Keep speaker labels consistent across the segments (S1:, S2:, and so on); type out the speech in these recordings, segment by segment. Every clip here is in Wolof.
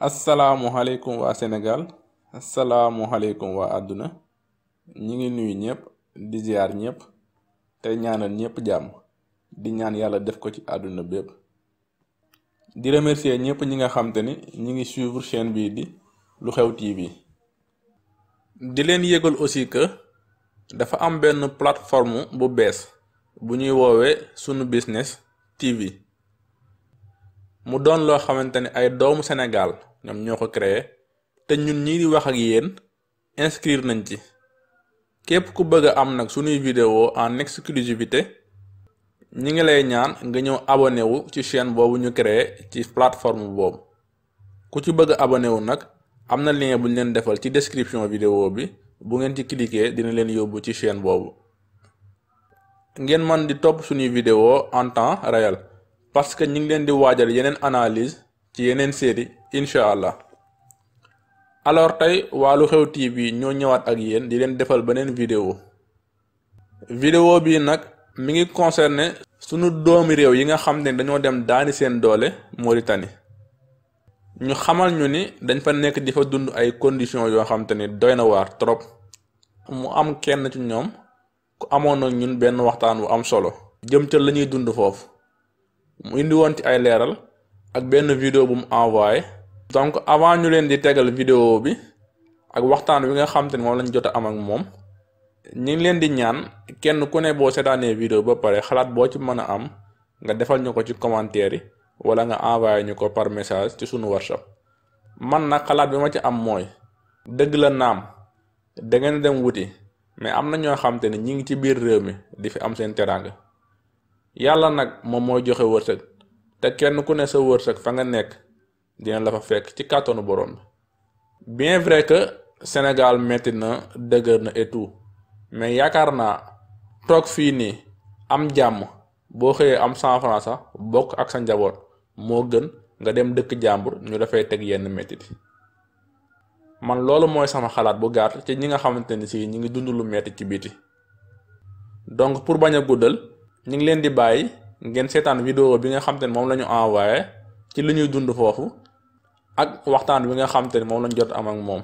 S1: asalaamualeykum waa Sénégal asalaamualeykum waa àdduna ñi ngi nuyu ñëpp di ziar ñëpp te ñaanal ñëpp jàmm di ñaan yàlla def ko ci àdduna bépp di remercier ñëpp ñi nga xam ni ñi ngi suivre chaîne bii di lu xew TV di leen yëgal aussi que dafa am benn plateforme bu bees bu ñuy woowee sunu business TV mu doon loo xamante ni ay doomu Sénégal ñoom ñoo ko créé te ñun ñi di wax ak yéen inscrire nañ ci képp ku bëgg am nag suñuy vidéo en exclusivité ñi ngi lay ñaan nga ñëw abonné wu ci chaîne boobu ñu créé ci plateforme boobu ku ci bëgg a abonné wu nag am na lien buñ leen defal ci description vidéo bi bu ngeen ci cliquer dina leen yóbbu ci chaîne boobu ngeen man di topp suñuy vidéo en temps réel parce que ñu ngi leen di waajal yeneen analyse ci yeneen séeri incha allah alors tey waa Lu Xew TV ñoo ñëwaat ak yéen di leen defal beneen vidéo vidéo bii nag mi ngi concerné sunu doomi réew yi nga xam ne dañoo dem daani seen doole Mauritanie ñu xamal ñu ni dañ fa nekk di fa dund ay conditions yoo xam ni doy na waar trop mu am kenn ci ñoom ku amoon ak ñun benn waxtaan wu am solo jëm ca la ñuy dund foofu mu indi woon ci ay leeral ak benn vidéo bu envoyé donc avant ñu leen di tegal vidéo bi ak waxtaan wi nga xam ni ne moom lañ jot a am ak moom ñi ngi leen di ñaan kenn ku ne boo seetaanee vidéo ba pare xalaat boo ci mën a am nga defal ñu ko ci commentaire yi wala nga envoyé ñu ko par message ci suñu whatsapp man nag xalaat bi ma ci am mooy dëgg la naam da ngeen dem wuti mais am na ñoo xam te ne ñi ngi ci biir réew mi di fi am seen teraanga. yàlla nag moom mooy joxe wërsëg te kenn ku ne sa wërsëg fa nga nekk dina la fa fekk ci kàttanu borom bi bien vrai que Sénégal metti na dëgër na et mais yaakaar naa toog fii nii am jàmm boo xëyee am cent francs sax bokk ak sa njaboot moo gën nga dem dëkk jàmbur ñu dafay teg yenn mettit man loolu mooy sama xalaat bu gàtt ci ñi nga xamante ni si ñi ngi dund lu metti ci biti donc pour bañ a guddal ñu ngi leen di bàyyi ngeen seetaan vidéo bi nga xam te ne moom la ñu envoyé ci li ñuy dund foofu ak waxtaan wi nga xam ne moom la jot am ak moom.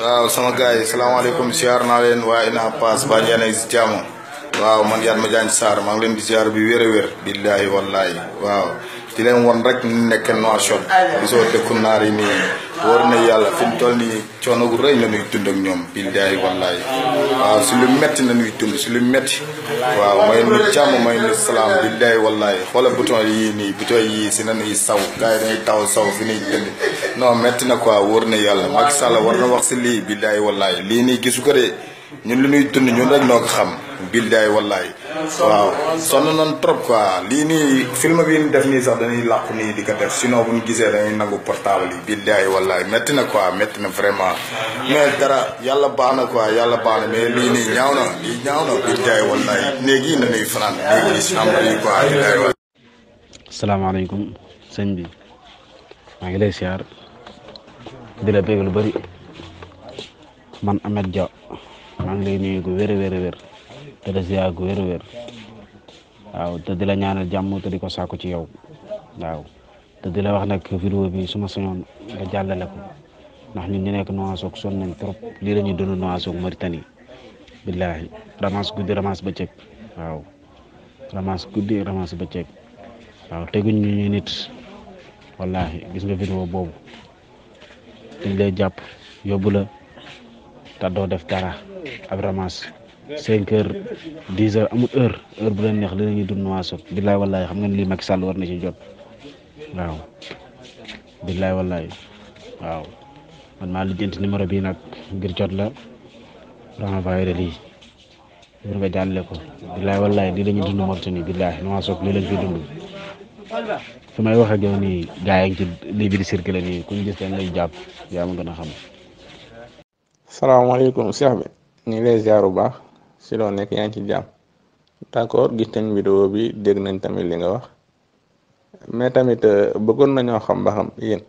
S1: waaw sama gars yi salaamaaleykum
S2: ziar naa leen waaye Ina Pass ba si jàmm waaw man Yatma Diagne Sarr maa ngi leen di ziar bi wér a wér billaahi wallaahi waaw. di leen wan rek ñu nekk noation gisoo dëkku naar yi nii war na yàlla fi mu toll nii coono gu rëy na ñuy dund ak ñoom billaay wallaay waaw si lu metti na ñuy dund si lu metti waaw may nu jàmm may nu salaam billaay wallaay xoola bouton yii nii bouton yii si nanuy saw gars yi dañuy taw saw fi nuy dënd non metti na quoi wóor na yàlla Macky Sall war na wax si lii daay wallaay lii nii gisu ko de ñun lu ñuy dund ñun rek noo ko xam. billaay wallaay. waaw sonn nañ trop quoi lii nii film bi ñu def nii sax dañuy làqu nii di ko def sinon bu ñu gisee dañuy nangu portable yi billaay wallaay métti na quoi metti na vraiment. mais dara yàlla baax na quoi yàlla baax na mais lii nii ñaaw na lii ñaaw na billaay wallaay néeg yi nañuy fanaan néeg si am yi
S3: bi maa ngi lay siyaar di la lu bëri man Ameth Dia. maa ngi lay gu wér a wér a wér te de ziar gu wér wér waaw te la ñaanal jàmm te ko sàkku ci yow waaw te la wax nag vidéo bi su ma sañoon nga jàllale ko ndax ñun ñu nekk Nouakchott sonn nañ trop lii la ñuy dund Nouakchott Mauritanie billaahi ramas guddi ramas bëccëg waaw ramas guddi ramas bëccëg waaw teguñ ñu ñu nit wallaahi gis nga vidéo boobu dañ lay jàpp te doo def dara ab ramas cinq heures dix heures amul heure heure bu leen neex dinañuy dund waaso billaay xam nga ne lii Macky Sall war na ci jot waaw billaay wallaay waaw man maa lijjanti bii nag ngir jot la renvoyé lii ngir nga jàlle ko billaay wallaay lii lañuy dund Mauritanie billaay noasoog lii lañ fi dund fi may wax ak yow nii gaa yi di circulé
S1: nii kuñ gis dañ lay jàpp yaa a xam salaamaaleykum Cheikh bi ñu ngi lay ziar bu baax si loo nekk yaa ngi ci jàmm d'accord gis nañ vidéo bi dégg nañ tamit li nga wax mais tamit euh, bëggoon nañoo xam ba xam yéen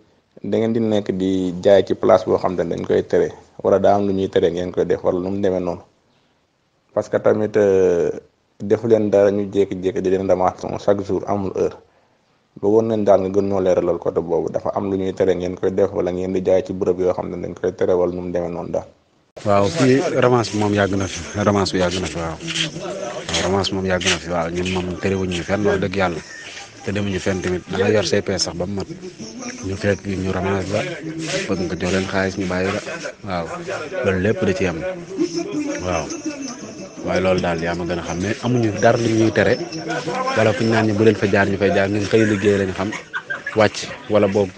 S1: da ngeen di nekk di jaay ci place boo xam ne dañ koy tere wala daam lu ñuy tere ngeen koy def wala nu mu demee noonu parce que tamit euh, defu leen dara ñu jékki-jékki di leen ramation chaque jour amul heure ba woon nañ daal nga gën ñoo leeralal côté boobu dafa am lu ñuy tere ngeen koy def wala ngeen di jaay ci bërëb yoo xam ne dañ koy tere wala nu mu demee noonu daal.
S3: waaw fii ramance bi moom yàgg na fi ramance bi yàgg na fi waaw moom yàgg na fi waaw ñun moom terewuñu fenn wax dëgg yàlla te demuñu fenn tamit da nga yor say sax ba mu mat ñu fekk ñu ramance la bëgg nga jox leen xaalis ñu bàyyi la waaw loolu lépp da ci am waaw. waaye loolu daal yaa ma gën a xam mais amuñu dara lu ñuy tere wala fu ñu naan ñi bu leen fa jaar ñu fay jaar ñun xëy liggéey lañ xam wàcc wala boobu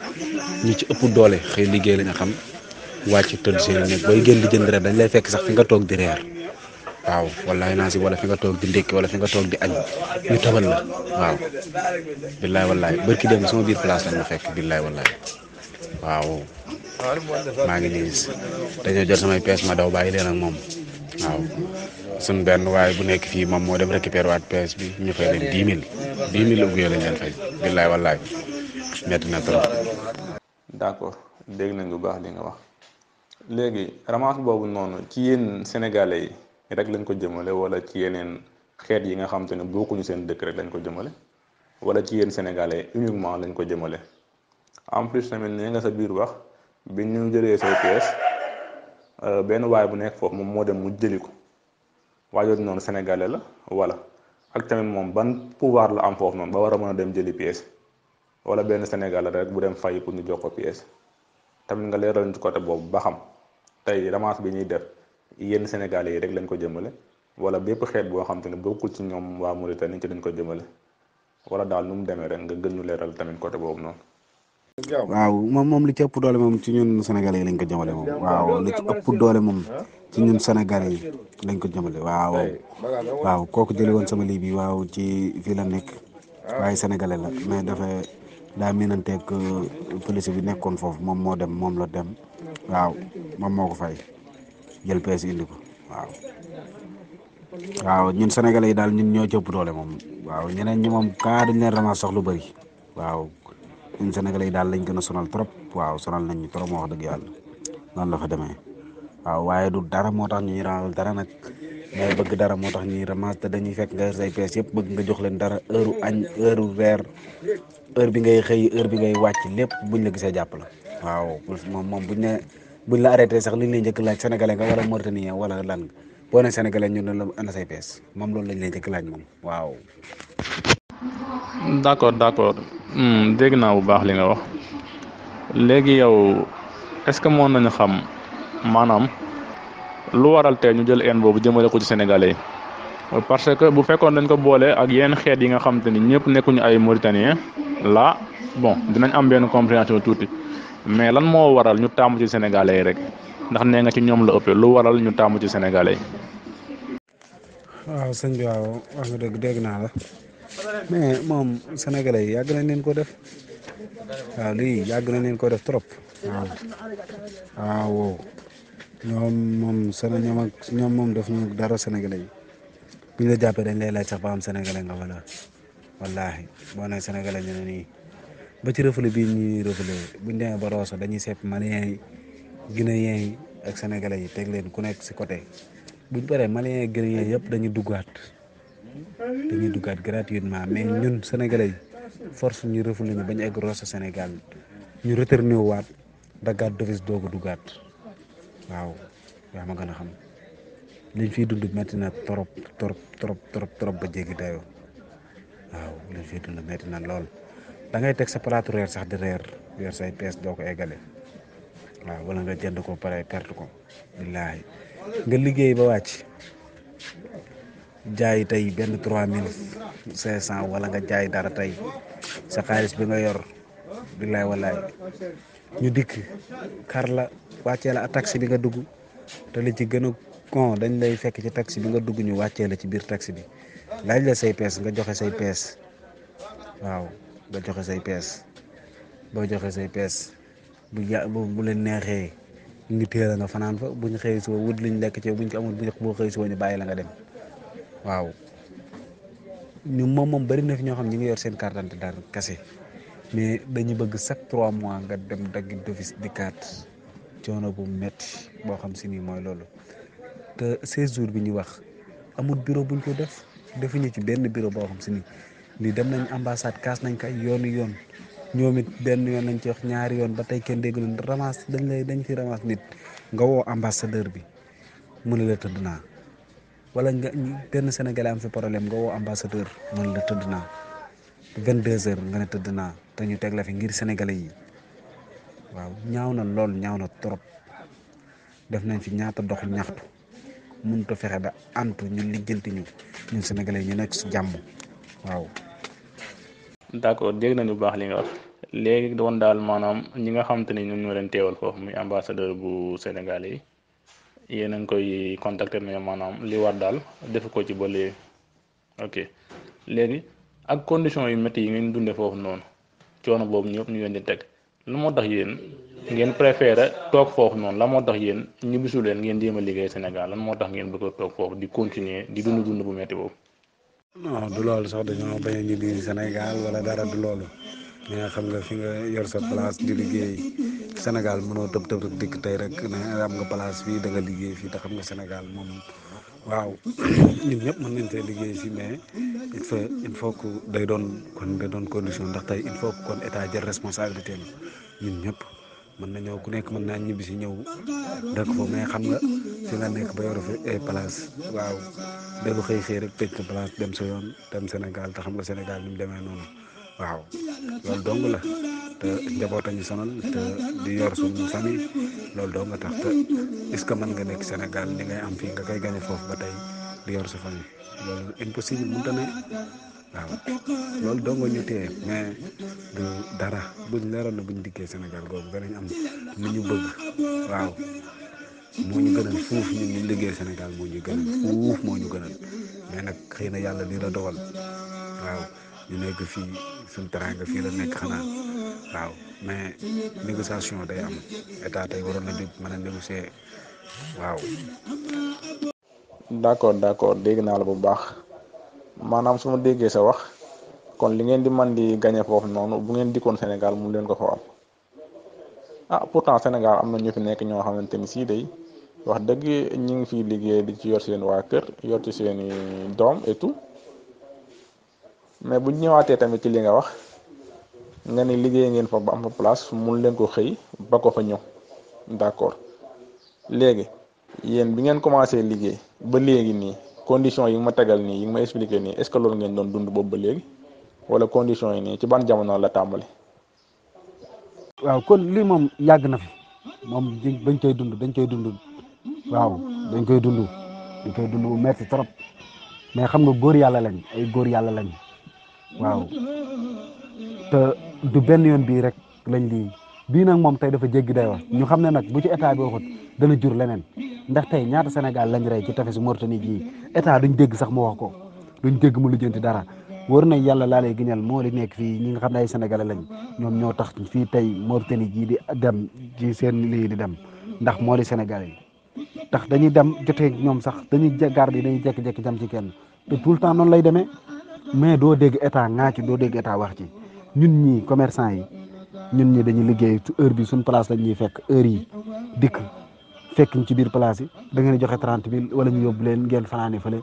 S3: ñu ci ëpp doole xëy liggéey lañ xam wàcc tëdd seen nekk booy génn di jënd rek dañ lay fekk sax fi nga toog di reer waaw wallaay naa si wala fi nga toog di ndékki wala fi nga toog di añ ñu tabal la waaw billaay wallaay bërki dem sama biir place lañ ma fekk billaay wallaay waaw maa ngi nii dañoo jot samay pees ma daw bàyyi leen ak moom waaw suñ benn waaye bu nekk fii moom moo dem récupérer waat pees bi ñu fay leen dix mille dix mille ubuyo lañ leen fay billaay wallaay metti na trop
S1: d'accord dégg nañ bu baax li nga wax léegi ramasse boobu noonu ci yéen sénégalais yi rek lañ ko jëmale wala ci yeneen xeet yi nga xam ne bokkuñu seen dëkk rek ko jëmale wala ci yéen sénégalais uniquement lañ ko jëmale en plus tamit nee nga sa biir wax bi ñu jëlee say pièces Euh, benn waay bu nekk foofu moom moo dem mu jëli ko waajooju noonu sénégalais la wala ak tamit moom ban pouvoir la am foofu noonu ba war a mën a dem jëli pièce wala benn sénégalais rek bu dem fay pour ñu jox ko pièce tamit nga leeral ñu ci côté boobu ba xam tey ramasse bi ñuy def yenn sénégalais yi rek lañ ko jëmale wala bépp xeet boo xam te ni bokkul ci ñoom waa Mauritanie ci lañ ko jëmale wala daal nu mu demee rek nga gën ñu leeral tamit côté boobu noonu.
S3: waaw moom moom li ci ëpp doole moom ci ñun sénégalais yi lañ ko jëmale moom waaw li doole moom ci ñun sénégalais yi lañ ko jëmale waaw kooku jële woon sama lii bi waaw ci fii la nekk ah. waaye sénégalais la mais dafa daa teek uh, police bi nekkoon foofu moom moo dem moom la dem waaw moom moo ko fay jël pees indi waaw ñun sénégalais yi daal ñun ñoo ci ëpp doole moom waaw ñeneen ñi moom kaa dañ leen ramas sax lu bëri waaw ñun sénégalais daal lañ gën sonal trop waaw sonal nañ ñu trop moo wax dëgg yàlla noonu la fa demee waaw waaye du dara moo tax ñuy ramal dara nag mooy bëgg dara moo tax ñuy ramas da dañuy fekk nga say pees yëpp bëgg nga jox leen dara heure añ heure reer heure bi ngay xëy heure bi ngay wàcc lépp buñ la gisee jàpp la waaw moom moom buñ ne buñ la arrêté sax liñ lay njëkk laaj sénégalais nga wala mauritanien wala lan boo ne sénégalais ñu ne la ana say pees moom loolu lañ lay njëkk laaj moom
S1: d' accord d' accord hmm, dégg naa bu baax li nga wax léegi yow est ce que mën nañu xam maanaam lu waral tey ñu jël haine boobu jëmale ko ci sénégalais yi parce que bu fekkoon dañ ko boole ak yenn xeet yi nga xam te ni ñëpp nekkuñu ay Mauritaniens la bon dinañ am benn compréhension tuuti mais lan moo waral ñu taamu ci sénégalais yi rek ndax nee nga ci ñoom la ëppee lu waral ñu taamu ci sénégalais yi.
S3: waaw sëñ bi waaw wax nga dëgg dégg naa la. mais moom sénégalais yi yàgg nañ leen ko def waaw lii yàgg leen ko def trop waaw waaw ñoom moom Séné ñoom ak ñoom moom daf ñu dara sénégalais yi bu la jàppee dañ lay laaj sax ba am sénégalais nga wala wallaahi boo nee sénégalais ñu ne nii ba ci rëfale bi ñuy rëfale bu ñu demee ba Rosso dañuy sepp maliens yi guinéens ak sénégalais yi teg leen ku nekk si côté buñ paree maliens yi guinéens yëpp dañuy duggaat. dañuy duggaat gratuitement mais ñun sénégalais force ñu reful nañu bañ egg Rosso Sénégal ñu retourné waat daggaat devis doogu duggaat waaw yaa ma gën a xam liñ fiy dund métti na trop trop trop trop trop ba jéggi dayoo waaw liñ fiy dund métti na lool dangay ngay teg sa palaatu reer sax di reer weer say pees doo ko eggale waaw wala nga jënd ko pare perte ko billaahi nga liggéey ba wàcc jaay tey benn trois mille cinq cent wala nga jaay dara tey sa xaalis bi nga yor billaay walaay ñu dikk kar la wàccee la a taxi bi nga dugg te li ci gën a kon dañ lay fekk ci taxi bi nga dugg ñu wàccee la ci biir taxi bi laaj la say pees nga joxe say pees waaw nga joxe say pees boo joxe say pees bu ja bu leen neexee ngi téel a nga fanaan fa buñ xëy suba wut liñ lekk ci buñ ko amul buñ boo xëy suba ñu bàyyi la nga dem waaw ñu moom moom bëri na fi ñoo xam ñu ngi yor seen carte d'identité daal kese mais dañu bëgg chaque trois mois nga dem dagg d'office di carte coono bu metti boo xam si nii mooy loolu te seize jours bi ñu wax amut bureau buñ ko def defuñu ci benn bureau boo xam si nii ni dem nañ ambassade kaas nañ ko ay yoonu yoon ñoom it benn yoon lañ ci wax ñaari yoon ba tey kenn dégg nañ ramas dañ lay dañ fi ramas nit nga woo ambassadeur bi mu ne la tëdd naa walla nga benn Sénégalais am fi problème nga woo ambassadeur mën la tëdd naa vingt deux heures nga ne tëdd naa te ñu teg la fi ngir Sénégalais yi waaw ñaaw na lool ñaaw na trop def nañ fi ñaata dox ñaxtu mënut a fexe ba ant ñu lijjanti ñu ñun Sénégalais ñu nekk si jàmm waaw.
S1: d'accord dégg nañu bu baax li nga léegi doon daal maanaam ñi nga xam te ne ñoom ñoo leen teewal foofu muy ambassadeur bu Sénégal yi. yéen a ngi koy contacter mais maanaam li war daal defu ko ci ba léegi ok léegi ak condition yu métti yi ngeen dundee foofu noonu coono boobu ñëpp ñu leen di teg lu moo tax yéen ngeen préféré toog foofu noonu la moo tax yéen ñibbisu leen ngeen jéem liggéey Sénégal lan moo tax ngeen bëgg a toog foofu di continuer di dund dund bu métti boobu.
S3: du loolu sax dañoo bañ a ñibbi Sénégal wala dara du loolu mais xam nga fi nga yor sa place di liggéey. Sénégal mënoo tëb tëb rek dikk tey rek ne am nga place fii danga nga liggéey fii te xam nga Sénégal moom waaw ñun ñëpp mën nañ fee liggéey si mais il faut que day doon kon day doon condition ndax tey il faut que kon état jël responsabilité ñun ñëpp mën na ñëw ku nekk mën naa ñibbi si ñëw dëkk foofu xam nga fi nga nekk ba yore fi ay eh, place waaw déglu xëy xëy rek tëj na place dem sa yoon dem Sénégal te xam nga Sénégal ni mu demee noonu. waaw loolu dong la te njaboota ñu sonal te di yor suñu famille loolu dong nga tax te est-ce que mën nga nekk Sénégal li ngay am fii nga koy gañe foofu ba tey di yor sa famille loolu impossible mënta ne waaw loolu dong ñu téye mais du dara buñ leeroon na buñ dikkee Sénégal googu danañ am lu ñu bëgg waaw moo ñu gënal fuuf ñun ñu liggéey ñu gënal moo ñu gënal mais nag xëy na yàlla lii la dogal waaw. ñu nekk fii suñu teranga fii la nekk xanaa waaw mais négociation day am état tey waroon na di mën
S1: a accord d' accord dégg naa la bu baax maanaam suma déggee sa wax kon li ngeen di man di gagné foofu noonu bu ngeen dikkoon Sénégal mu leen ko fa am ah pourtant Sénégal am na ñu fi nekk ñoo xamante ni sii day wax dëgg ñi ngi fiy liggéey di ci yor seen waa kër yor ci seen doom et mais buñ ñëwaatee tamit ci li nga wax nga ni liggéey ngeen fa ba am fa place mun leen ko xëy ba ko fa ñëw d'accord léegi yéen bi ngeen commencé liggéey ba léegi nii condition yi ma tegal nii yi ma expliqué nii est-ce que loolu ngeen doon dund boobu ba léegi wala condition yi nii ci ban jamono la tàmbali.
S3: waaw kon lii moom yàgg na fi moom bañ koy dund dañ koy dund waaw dañ koy dund dañ koy dund bu metti trop mais xam nga góor yàlla lañ ay góor yàlla lañ. waaw te du benn yoon bii rek lañ lii bii nag moom tey dafa jéggi day ñu xam ne nag bu ci etaa bi waxut dana jur leneen ndax tey ñaata senegal lañ rey ci tefesu Mauritanie gii état duñ dégg sax wax ko duñ dégg mu lijjanti dara wóor na yàlla laa lay moo li nekk fii ñi nga xam ay sénégalais lañ ñoom ñoo tax fii tey Mauritanie gii di dem ci seen lii di dem ndax moo li sénégalais yi tax dañuy dem jotee ñoom sax dañuy garde yi dañuy jekki-jekki jam ci kenn te tout le temps lay demee mais doo dégg état ŋaa ci doo dégg état wax ci ñun ñii commercant yi ñun ñi dañuy liggéey heure bi suñ place lañ ñuy fekk heure yi dikk fekk ñu ci biir place yi da ngeen joxe trente mille wala ñu yóbbu leen ngeen fanaane fële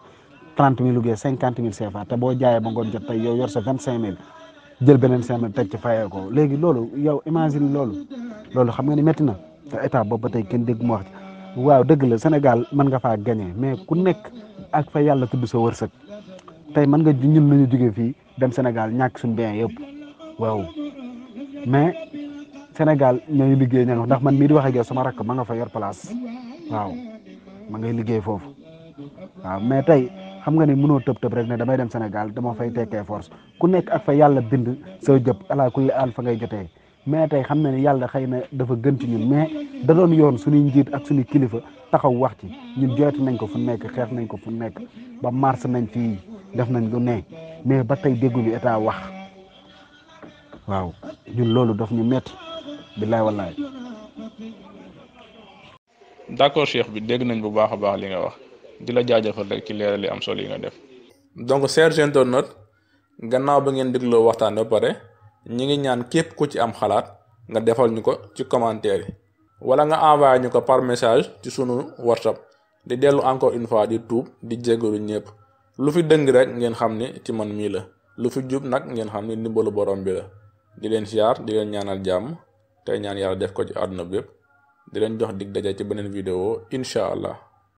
S3: trente mille liggéey cinquante mille CFA te boo jaayee ba ngoon jot tey yow yor sa vingt cinq mille jël beneen cinq mille teg ci fayee ko léegi loolu yow imagine loolu loolu xam nga ni métti na te état boobu ba tey kenn dégg mu wax waaw dëgg la Sénégal mën faa gagné mais ku nekk ak fa yàlla tudd sa wërsëg tey mën nga ñun nañu jóge fii dem Sénégal ñàkk suñu bien yëpp waaw mais Sénégal ñooy liggéey ña nga ndax man mii di wax ak yow sama rakk ma nga fa yor place waaw ma ngay liggéey foofu waaw mais tey xam nga ni mënoo tëb tëb rek ne damay dem Sénégal dama fay tekkee force ku nekk ak fa yàlla bind soo jëb ala kulli al fa ngay jotee mais tey xam na ni yàlla xëy na dafa gën ci ñun mais da yoon suñuy njiit ak suñu kilifa taxaw wax ci ñun joytu nañ ko fu nekk xeex nañ ko fu nekk ba mars nañ fii def nañ lu ne mais ba tey dégguñu état wax waaw ñun loolu daf ñu metti billaay wallaay
S1: d'accord Cheikh bi dégg nañ bu baax a baax li nga wax di la jaajëfal rek ci leeral li am solo yi nga def donc chers internautes gannaaw ba ngeen dégloo waxtaan ba pare ñi ngi ñaan képp ku ci am xalaat nga defal ñu ko ci commentaire yi wala nga envoyé ñu ko par message ci sunu WhatsApp di dellu encore une fois di tuub di jégalu ñëpp lu fi dëng rek ngeen xam ne ci man mii la lu fi jub nag ngeen xam ne ndimbalu borom bi la di leen siyaar di leen ñaanal jàmm tey ñaan yàlla def ko ci àdduna bépp di leen jox digg daje ci beneen vidéo incha allah